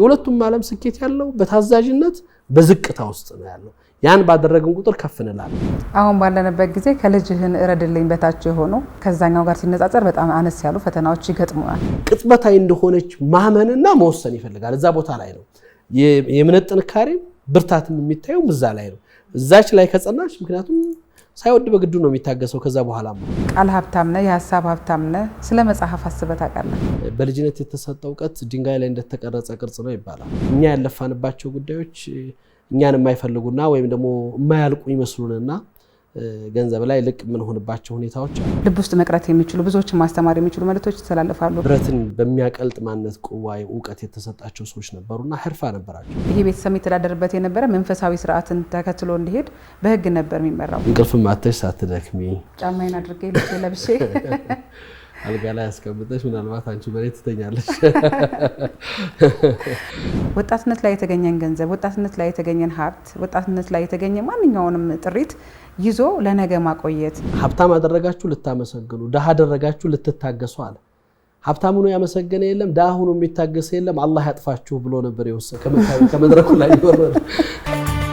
የሁለቱም ዓለም ስኬት ያለው በታዛዥነት በዝቅታ ውስጥ ነው ያለው። ያን ባደረግን ቁጥር ከፍ እንላለን። አሁን ባለንበት ጊዜ ከልጅህን እረድልኝ በታች የሆኑ ከዛኛው ጋር ሲነጻጸር በጣም አነስ ያሉ ፈተናዎች ይገጥሙናል። ቅጥበታዊ እንደሆነች ማመንና መወሰን ይፈልጋል። እዛ ቦታ ላይ ነው የእምነት ጥንካሬ ብርታትም የሚታየው እዛ ላይ ነው። እዛች ላይ ከጸናች ምክንያቱም ሳይወድ በግዱ ነው የሚታገሰው። ከዛ በኋላ ቃል ሀብታም ነህ፣ የሀሳብ ሀብታም ነህ። ስለ መጽሐፍ አስበህ ታውቃለህ? በልጅነት የተሰጠ እውቀት ድንጋይ ላይ እንደተቀረጸ ቅርጽ ነው ይባላል። እኛ ያለፋንባቸው ጉዳዮች እኛን የማይፈልጉና ወይም ደግሞ የማያልቁ ይመስሉንና ገንዘብ ላይ ልቅ የምንሆንባቸው ሁኔታዎች ልብ ውስጥ መቅረት የሚችሉ ብዙዎችን ማስተማር የሚችሉ መልእክቶች ይተላለፋሉ። ብረትን በሚያቀልጥ ማነት ቁዋይ እውቀት የተሰጣቸው ሰዎች ነበሩና ህርፋ ነበራቸው። ይሄ ቤተሰብ የሚተዳደርበት የነበረ መንፈሳዊ ስርዓትን ተከትሎ እንዲሄድ በህግ ነበር የሚመራው። እንቅልፍ ማተሽ ሳትደክሚ ጫማዬን አድርጌ ልብሴ ለብሼ አልጋ ላይ ያስቀምጠሽ ምናልባት አንቺ መሬት ትተኛለሽ። ወጣትነት ላይ የተገኘን ገንዘብ፣ ወጣትነት ላይ የተገኘን ሀብት፣ ወጣትነት ላይ የተገኘ ማንኛውንም ጥሪት ይዞ ለነገ ማቆየት። ሀብታም አደረጋችሁ ልታመሰግኑ፣ ድሃ አደረጋችሁ ልትታገሱ አለ። ሀብታም ሆኖ ያመሰገነ የለም፣ ድሃ ሁኑ የሚታገሰ የለም። አላህ ያጥፋችሁ ብሎ ነበር የወሰ ከመድረኩ ላይ